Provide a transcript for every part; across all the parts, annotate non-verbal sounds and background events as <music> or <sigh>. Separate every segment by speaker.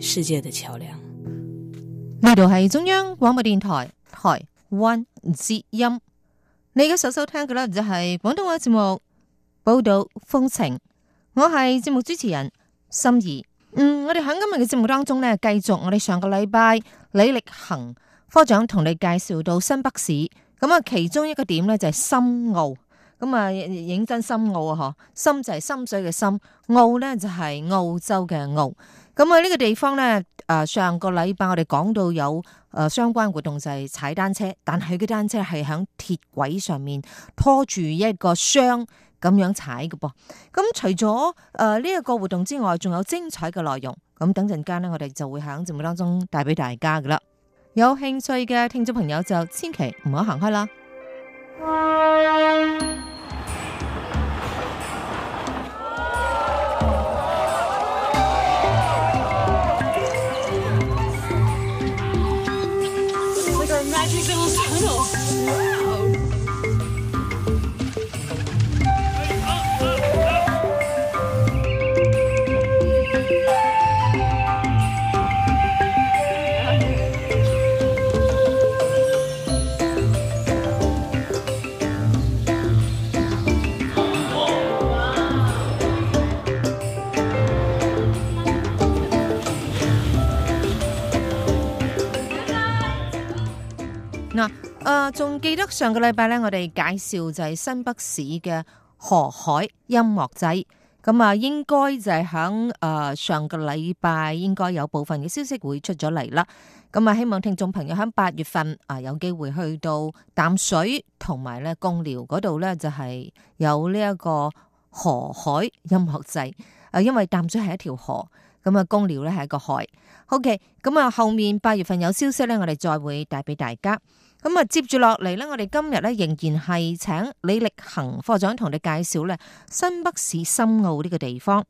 Speaker 1: 世界的橋樑，呢度係中央廣播電台台灣之音。你而家首收聽嘅呢就係廣東話節目報道風情。我係節目主持人心儀。嗯，我哋喺今日嘅節目當中呢，繼續我哋上個禮拜李力行科長同你介紹到新北市咁啊，其中一個點呢，就係、是、深澳。咁啊，認真深澳啊，嗬深就係深水嘅深，澳呢就係、是、澳洲嘅澳。咁喺呢個地方咧，誒，上個禮拜我哋講到有誒、呃、相關活動就係踩單車，但係佢嘅單車係喺鐵軌上面拖住一個箱咁樣踩嘅噃。咁、嗯、除咗誒呢一個活動之外，仲有精彩嘅內容。咁、嗯、等陣間呢，我哋就會喺節目當中帶俾大家噶啦。有興趣嘅聽眾朋友就千祈唔好行開啦。嗯仲記得上個禮拜咧，我哋介紹就係新北市嘅河海音樂祭。咁啊，應該就係響誒上個禮拜，應該有部分嘅消息會出咗嚟啦。咁啊，希望聽眾朋友喺八月份啊，有機會去到淡水同埋咧公寮嗰度咧，就係有呢一個河海音樂祭。誒，因為淡水係一條河，咁啊，公寮咧係一個海。OK，咁啊，後面八月份有消息咧，我哋再會帶俾大家。咁啊，接住落嚟咧，我哋今日咧仍然係請李力恒課長同你介紹咧新北市深澳呢個地方。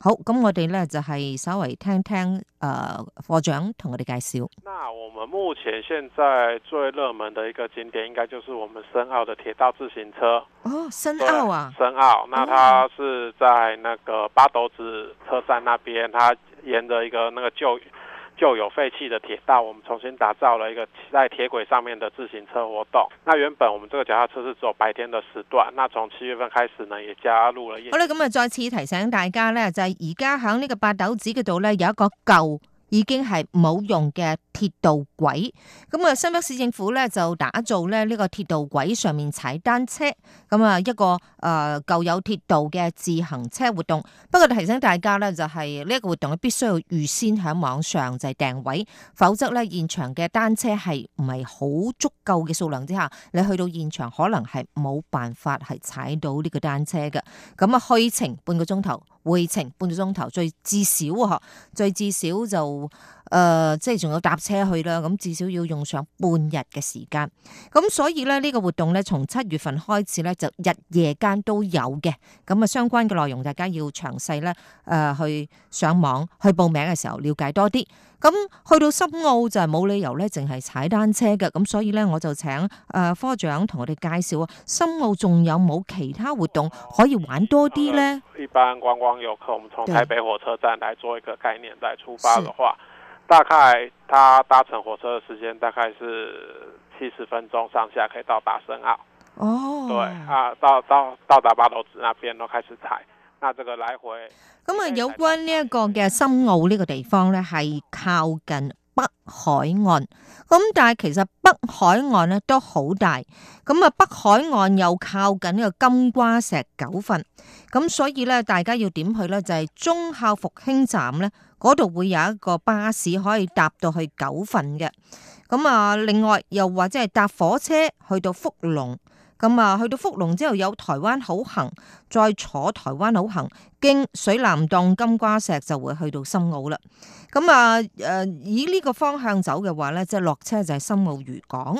Speaker 1: 好，咁我哋呢就係稍微聽聽誒課長同我哋介紹。
Speaker 2: 那我們目前現在最熱門的一個景點，應該就是我們深澳的鐵道自行車。
Speaker 1: 哦，深澳啊，
Speaker 2: 深澳。那它是在那個八斗子車站那邊，它沿着一個那個舊。就有廢棄嘅鐵道，我們重新打造了一個騎在鐵軌上面嘅自行車活動。那原本我們這個腳踏車是只有白天嘅時段，那從七月份開始呢，也加入了。好啦，咁啊，
Speaker 1: 再次提醒大家咧，就係而家喺呢個八斗子嗰度咧，有一個舊。已經係冇用嘅鐵道軌，咁啊，新北市政府咧就打造咧呢個鐵道軌上面踩單車，咁啊一個誒、呃、舊有鐵道嘅自行車活動。不過提醒大家咧，就係呢一個活動必須要預先喺網上就係訂位，否則咧現場嘅單車係唔係好足夠嘅數量之下，你去到現場可能係冇辦法係踩到呢個單車嘅。咁啊，去程半個鐘頭。會程半個鐘頭，最至少嗬，最至少就誒、呃，即係仲要搭車去啦，咁至少要用上半日嘅時間，咁所以咧呢個活動咧，從七月份開始咧，就日夜間都有嘅，咁啊相關嘅內容大家要詳細咧誒去上網去報名嘅時候了解多啲。咁、嗯、去到深澳就係冇理由咧，淨係踩單車嘅，咁、嗯、所以咧我就請誒、呃、科長同我哋介紹啊，深澳仲有冇其他活動可以玩多啲咧、
Speaker 2: 呃？一般觀光遊客，我們從台北火車站嚟做一個概念，再出發嘅話，對大概他搭乘火車嘅時間大概是七十分鐘上下，可以到達深澳。哦，對啊，到到到達八斗子那邊都開始踩。
Speaker 1: 咁啊、嗯，有關呢一個嘅深澳呢個地方咧，係靠近北海岸。咁、嗯、但係其實北海岸咧都好大。咁、嗯、啊，北海岸又靠近呢個金瓜石九份。咁、嗯、所以咧，大家要點去咧，就係、是、忠孝復興站咧，嗰度會有一個巴士可以搭到去九份嘅。咁、嗯、啊，另外又或者係搭火車去到福隆。咁啊，去到福隆之後有台灣好行，再坐台灣好行經水南洞、金瓜石，就會去到深澳啦。咁啊，誒、呃，以呢個方向走嘅話咧，即係落車就係深澳漁港。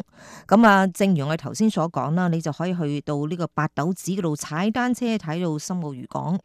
Speaker 1: 咁啊，正如我哋頭先所講啦，你就可以去到呢個八斗子嗰度踩單車，睇到深澳漁港，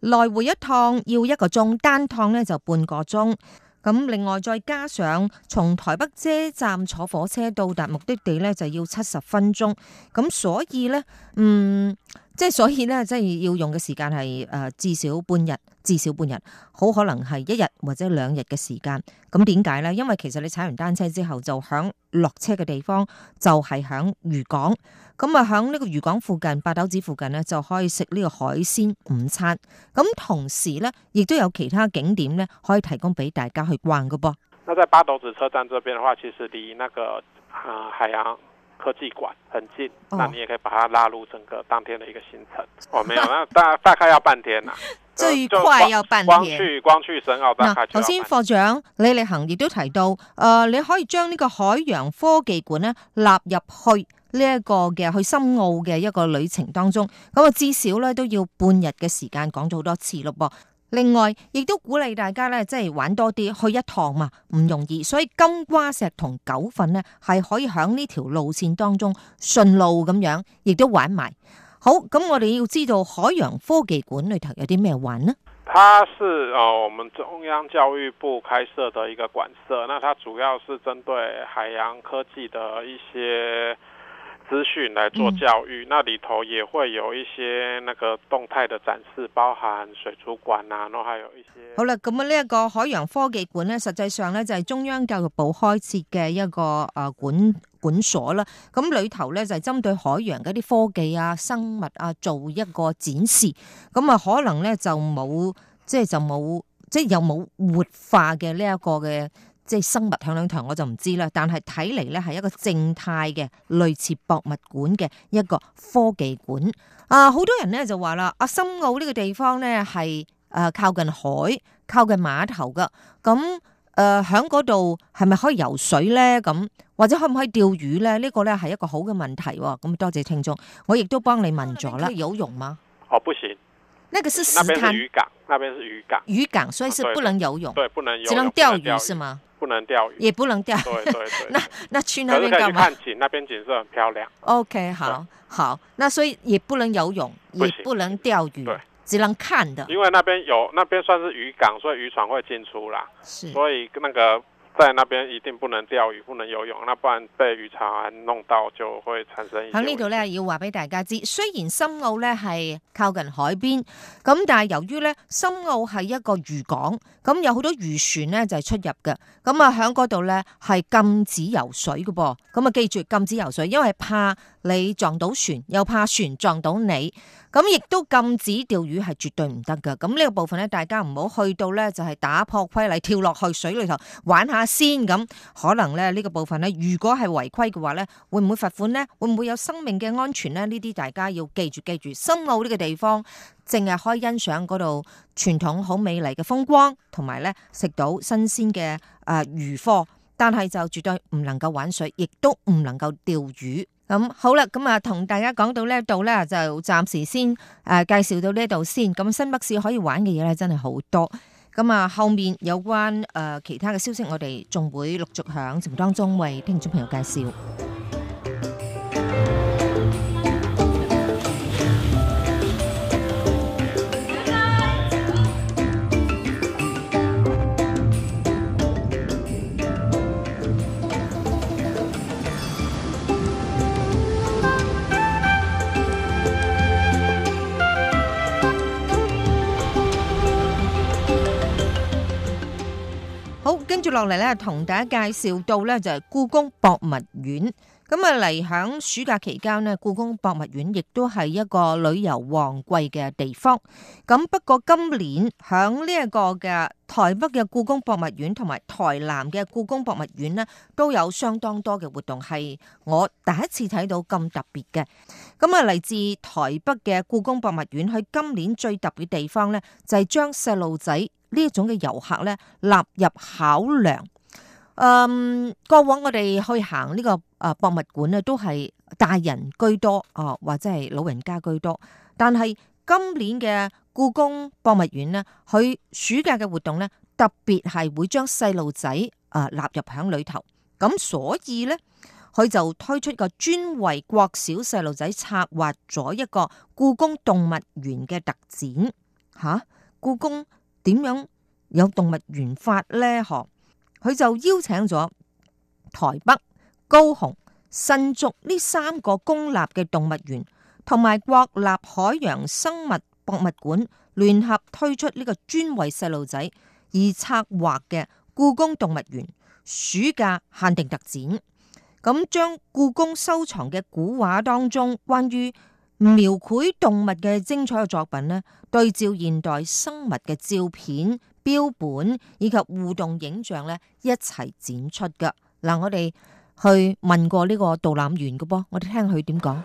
Speaker 1: 來回一趟要一個鐘，單趟咧就半個鐘。咁另外再加上從台北車站坐火車到達目的地咧，就要七十分鐘。咁所以咧，嗯。即係所以咧，即係要用嘅時間係誒至少半日，至少半日，好可能係一日或者兩日嘅時間。咁點解咧？因為其實你踩完單車之後就響落車嘅地方，就係響漁港。咁啊響呢個漁港附近，八斗子附近咧就可以食呢個海鮮午餐。咁同時咧，亦都有其他景點咧可以提供俾大家去逛嘅噃。
Speaker 2: 那在八斗子車站這邊嘅話，其實離那個啊、呃、海洋。科技館很近，那你也可以把它拉入整個當天的一個行程。哦， <laughs> 哦，沒有，那大大概要半天啦。 <laughs> 最快塊要半天。呃、光，光去光去深澳大概頭先課
Speaker 1: 長李力行亦都提到，誒、呃，你可以將呢個海洋科技館呢納入去呢、這、一個嘅、這個、去深澳嘅一個旅程當中。咁、嗯、啊，至少咧都要半日嘅時間，講咗好多次咯。另外，亦都鼓勵大家咧，即係玩多啲，去一趟嘛，唔容易，所以金瓜石同九份呢，係可以喺呢條路線當中順路咁樣，亦都玩埋。好，咁我哋要知道海洋科技館裏頭有啲咩玩呢？
Speaker 2: 它是哦，我們中央教育部開設的一個館舍，那它主要是針對海洋科技的一些。資訊嚟做教育，那裏頭也會有一些那個動態的展示，包含水族館啊，然後還有一些。好啦，
Speaker 1: 咁啊呢個海洋科技館咧，實際上咧就係、是、中央教育部開設嘅一個誒館館所啦。咁裏頭咧就係、是、針對海洋嘅一啲科技啊、生物啊做一個展示。咁啊可能咧就冇，即係就冇，即係有冇活化嘅呢一個嘅。即係生物響兩台我就唔知啦，但係睇嚟咧係一個靜態嘅類似博物館嘅一個科技館、呃、啊！好多人咧就話啦，阿深澳呢個地方咧係誒靠近海、靠近碼頭噶，咁誒喺嗰度係咪可以游水咧？咁或者可唔可以釣魚咧？這個、呢個咧係一個好嘅問題、哦。咁多謝聽眾，我亦都幫你問咗啦。有用嗎？
Speaker 2: 哦，不是，那個是石灘漁港，那邊是漁港邊是魚，漁港所以是不能游泳，對，不能只能釣魚，是嗎？不能釣魚，也不能釣。對對對，對 <laughs> 那，
Speaker 1: 那那去那邊幹嘛？可以去看
Speaker 2: 景，那邊景色很漂亮。OK Okay，對好，
Speaker 1: 好，那所以也不能游泳，不行也不能釣魚，對只能看的。
Speaker 2: 因為那邊有，那邊算是漁港，所以漁船會進出啦。是，所以跟那個。在那邊一定不能釣魚，不能游泳，那不然被漁場弄到就會產生。喺呢度
Speaker 1: 咧要話俾大家知，雖然深澳咧係靠近海邊，咁但係由於咧深澳係一個漁港，咁有好多漁船咧就係出入嘅，咁啊喺嗰度咧係禁止游水嘅噃，咁啊記住禁止游水，因為怕你撞到船，又怕船撞到你，咁亦都禁止釣魚係絕對唔得嘅。咁呢個部分咧，大家唔好去到咧就係打破規例跳落去水裏頭玩下。先咁可能咧呢、這個部分咧，如果係違規嘅話咧，會唔會罰款咧？會唔會有生命嘅安全咧？呢啲大家要記住記住，深澳呢個地方淨係可以欣賞嗰度傳統好美麗嘅風光，同埋咧食到新鮮嘅誒魚貨，但係就絕對唔能夠玩水，亦都唔能夠釣魚。咁好啦，咁啊同大家講到呢度咧就暫時先誒、呃、介紹到呢度先。咁、嗯、新北市可以玩嘅嘢咧真係好多。咁啊、嗯，後面有關誒、呃、其他嘅消息，我哋仲會陸續響節目當中為聽眾朋友介紹。跟住落嚟咧，同大家介紹到咧就係故宮博物院。咁啊！嚟響暑假期間咧，故宮博物院亦都係一個旅遊旺季嘅地方。咁不過今年響呢一個嘅台北嘅故宮博物院，同埋台南嘅故宮博物院咧，都有相當多嘅活動，係我第一次睇到咁特別嘅。咁啊，嚟自台北嘅故宮博物院，喺今年最特別嘅地方咧，就係、是、將細路仔呢一種嘅遊客咧納入考量。嗯，過往我哋去行呢、這個。啊！博物館咧都係大人居多，哦、啊，或者係老人家居多。但係今年嘅故宮博物院咧，佢暑假嘅活動咧，特別係會將細路仔啊納入喺裏頭。咁、啊、所以咧，佢就推出個專為國小細路仔策劃咗一個故宮動物園嘅特展。嚇、啊！故宮點樣有動物園法咧？嗬、啊，佢就邀請咗台北。高雄、新竹呢三個公立嘅動物園，同埋國立海洋生物博物館聯合推出呢個專為細路仔而策劃嘅故宮動物園暑假限定特展，咁將故宮收藏嘅古畫當中關於描繪動物嘅精彩嘅作品呢，對照現代生物嘅照片、標本以及互動影像呢，一齊展出㗎。嗱，我哋。去問過呢個導覽員嘅噃，我哋聽佢點講。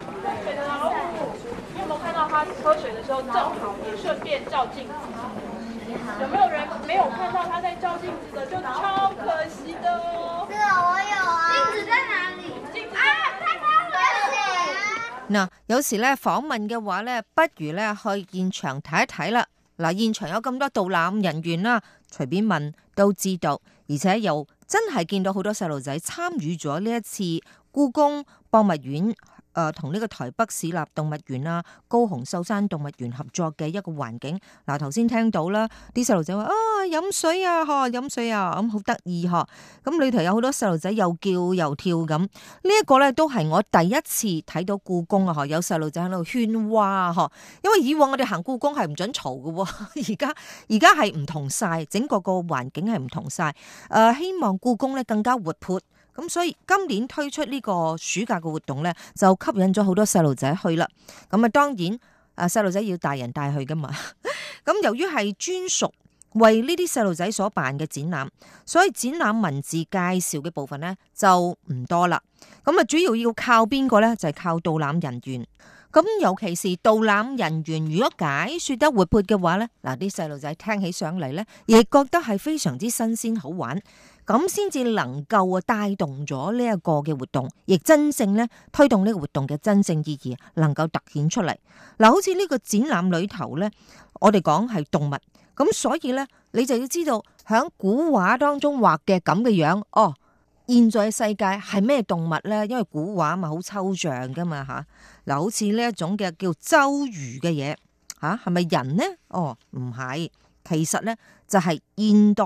Speaker 1: 有冇看到他喝水嘅時候正好也順
Speaker 2: 便照鏡子？有冇人沒有看到他在照鏡子的，就超可惜的哦。是啊，我有啊。鏡
Speaker 1: 子在哪裡？鏡子。嗱，有時咧訪問嘅話咧，不如咧去現場睇一睇啦。嗱，現場有咁多導覽人員啦，隨便問都知道，而且又。真係見到好多細路仔參與咗呢一次故宮博物院。誒同呢個台北市立動物園啦、高雄秀山動物園合作嘅一個環境。嗱、呃，頭先聽到啦，啲細路仔話啊飲水啊，嚇飲水啊，咁、嗯、好得意嗬，咁裏頭有好多細路仔又叫又跳咁。這個、呢一個咧都係我第一次睇到故宮啊，呵，有細路仔喺度喧譁嗬，因為以往我哋行故宮係唔準嘈㗎喎，而家而家係唔同晒，整個個環境係唔同晒。誒、呃，希望故宮咧更加活潑。咁所以今年推出呢個暑假嘅活動咧，就吸引咗好多細路仔去啦。咁啊，當然啊，細路仔要大人帶去噶嘛。咁 <laughs> 由於係專屬為呢啲細路仔所辦嘅展覽，所以展覽文字介紹嘅部分咧就唔多啦。咁啊，主要要靠邊個咧？就係靠導覽人員。咁尤其是導覽人員如果解說得活潑嘅話咧，嗱啲細路仔聽起上嚟咧，亦覺得係非常之新鮮好玩。咁先至能夠啊帶動咗呢一個嘅活動，亦真正咧推動呢個活動嘅真正意義能夠突顯出嚟。嗱，好似呢個展覽裏頭咧，我哋講係動物，咁所以咧你就要知道喺古畫當中畫嘅咁嘅樣，哦，現在嘅世界係咩動物咧？因為古畫咪好抽象噶嘛嚇。嗱，好似呢一種嘅叫周瑜嘅嘢嚇，係咪人咧？哦，唔係，其實咧就係現代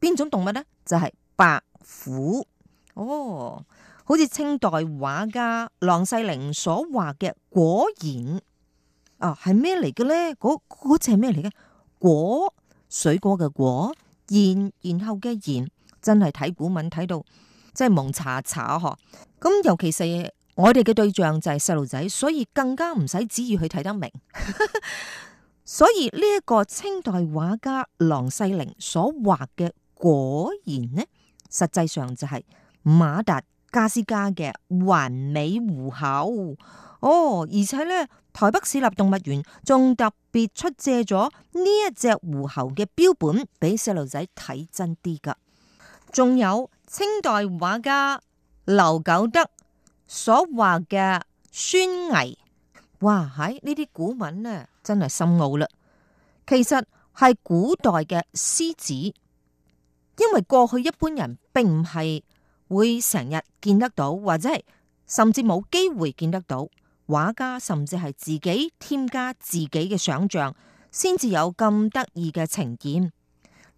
Speaker 1: 邊種動物咧？就係白虎哦，好似清代畫家郎世寧所畫嘅「果然」啊，係咩嚟嘅咧？嗰嗰隻係咩嚟嘅？果，果，果，水果嘅果，然，然後嘅然，真係睇古文睇到真係蒙查查嗬。咁、嗯、尤其是我哋嘅對象就係細路仔，所以更加唔使旨意去睇得明。 <laughs> 所以呢一個清代畫家郎世寧所畫嘅。果然呢，實際上就係馬達加斯加嘅環尾狐猴哦，而且呢，台北市立動物園仲特別出借咗呢一隻狐猴嘅標本俾細路仔睇真啲㗎。仲有清代畫家劉九德所畫嘅《孫毅》，哇，喺呢啲古文呢，真係深奧啦。其實係古代嘅獅子。因為過去一般人並唔係會成日見得到，或者係甚至冇機會見得到畫家，甚至係自己添加自己嘅想象，先至有咁得意嘅呈現。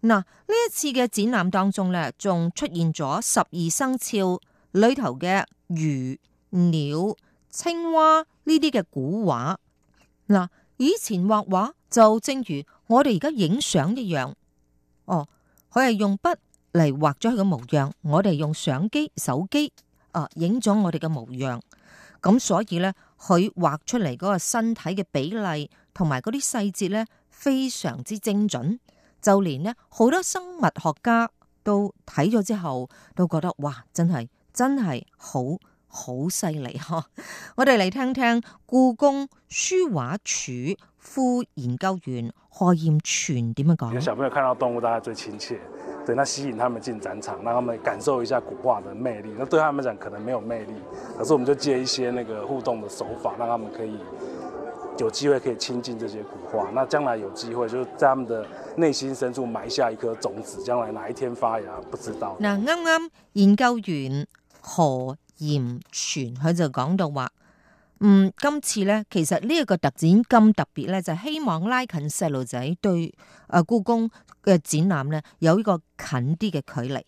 Speaker 1: 嗱，呢一次嘅展覽當中咧，仲出現咗十二生肖裏頭嘅魚、鳥、青蛙呢啲嘅古畫。嗱，以前畫畫就正如我哋而家影相一樣，哦。佢係用筆嚟畫咗佢嘅模樣，我哋用相機、手機啊影咗我哋嘅模樣，咁所以咧，佢畫出嚟嗰個身體嘅比例同埋嗰啲細節咧，非常之精準，就連咧好多生物學家都睇咗之後都覺得，哇，真係真係好好犀利！啊、 <laughs> 我哋嚟聽聽故宮書畫處副研究員，何艷泉點樣講？小
Speaker 2: 朋友看到動物，大家最親切，對，那吸引他們進展場，讓他哋感受一下古畫的魅力。那對他們嚟講，可能沒有魅力，可是我們就借一些那個互動的手法，讓他哋可以有機會可以親近這些古畫。那將來有機會，就是在他們的內心深處埋下一顆種子，將來哪一天發芽，不知道。嗱，
Speaker 1: 啱啱研究員何艷泉，佢就講到話。嗯，今次咧，其實呢一個特展咁特別咧，就是、希望拉近細路仔對誒故宮嘅展覽咧，有呢個近啲嘅距離。誒、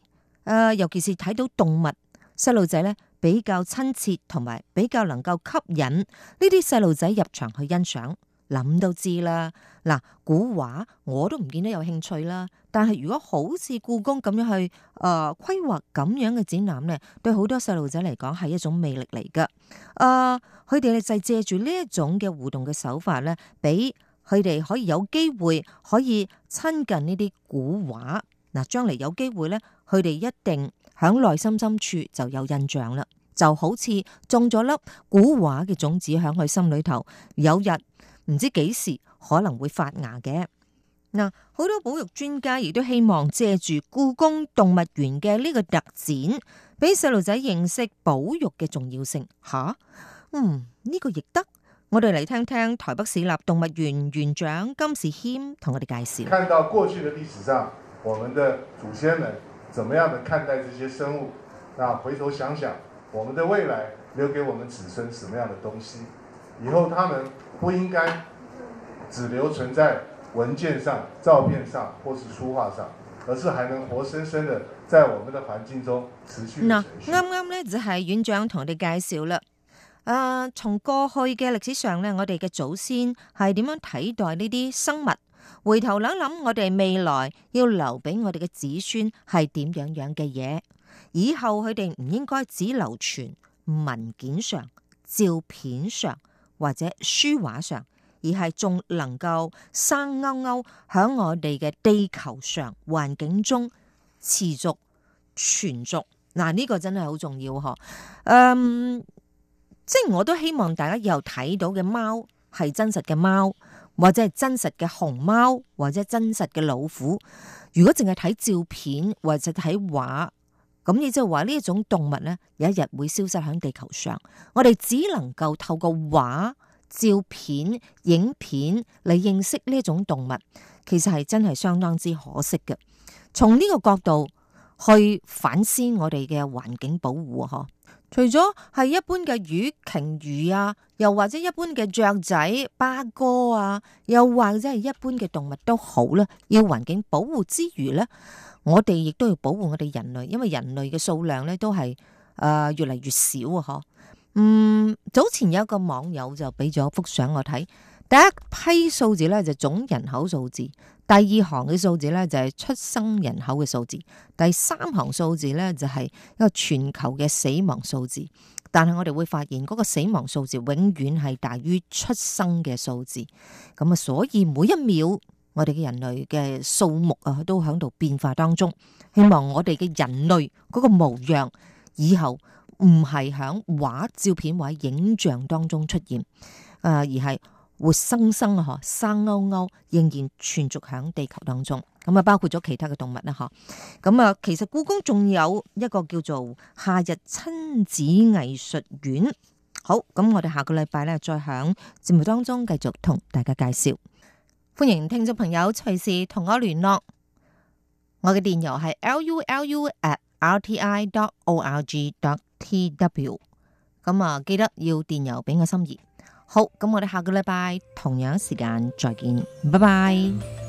Speaker 1: 呃，尤其是睇到動物，細路仔咧比較親切，同埋比較能夠吸引呢啲細路仔入場去欣賞。諗都知啦。嗱、啊，古畫我都唔見得有興趣啦。但係如果好似故宮咁樣去誒規劃咁樣嘅展覽咧，對好多細路仔嚟講係一種魅力嚟噶。誒、呃，佢哋就係借住呢一種嘅互動嘅手法咧，俾佢哋可以有機會可以親近話、啊、呢啲古畫嗱，將嚟有機會咧，佢哋一定響內心深處就有印象啦，就好似種咗粒古畫嘅種子響佢心裏頭，有日。唔知幾時可能會發芽嘅嗱，好多保育專家亦都希望借住故宮動物園嘅呢個特展，俾細路仔認識保育嘅重要性吓、啊。嗯，呢個亦得。我哋嚟聽聽台北市立動物園園長金士謙同我哋介紹。看到過去嘅歷史上，我們的祖先們怎
Speaker 2: 麼樣的看待這些生物？那回頭想想，我們的未來留給我們子孫什麼樣的東西？以後他們。不應該只留存在文件上、照片上，或是書畫上，而是還能活生生的
Speaker 1: 在我們的環境中持續。嗱、嗯，啱啱咧就係院長同我哋介紹啦。誒、呃，從過去嘅歷史上咧，我哋嘅祖先係點樣睇待呢啲生物？回頭諗諗，我哋未來要留俾我哋嘅子孫係點樣樣嘅嘢？以後佢哋唔應該只留存文件上、照片上，或者書畫上，而係仲能夠生勾勾響我哋嘅地球上環境中持續存續，嗱，啊，呢個真係好重要嗬，啊，嗯，即係我都希望大家以後睇到嘅貓係真實嘅貓，或者係真實嘅熊貓，或者真實嘅老虎。如果淨係睇照片或者睇畫。咁亦即係話呢一種動物咧，有一日會消失喺地球上，我哋只能夠透過畫、照片、影片嚟認識呢一種動物，其實係真係相當之可惜嘅。從呢個角度去反思我哋嘅環境保護嗬。除咗係一般嘅魚、鯨魚啊，又或者一般嘅雀仔、八哥啊，又或者係一般嘅動物都好啦。要環境保護之餘咧，我哋亦都要保護我哋人類，因為人類嘅數量咧都係誒、呃、越嚟越少啊。嗬，嗯，早前有一個網友就俾咗幅相我睇，第一批數字咧就是、總人口數字。第二行嘅數字咧就係出生人口嘅數字，第三行數字咧就係一個全球嘅死亡數字。但係我哋會發現嗰個死亡數字永遠係大於出生嘅數字。咁啊，所以每一秒我哋嘅人類嘅數目啊都喺度變化當中。希望我哋嘅人類嗰個模樣以後唔係響畫、照片或者影像當中出現，誒而係。活生生嗬，生勾勾仍然存續喺地球當中，咁啊包括咗其他嘅動物啦嗬，咁啊其實故宮仲有一個叫做夏日親子藝術院，好，咁我哋下個禮拜咧再響節目當中繼續同大家介紹，歡迎聽眾朋友隨時同我聯絡，我嘅電郵係 lulu at rti dot org dot tw，咁啊記得要電郵俾我心意。好，咁我哋下個禮拜同樣時間再見，拜拜。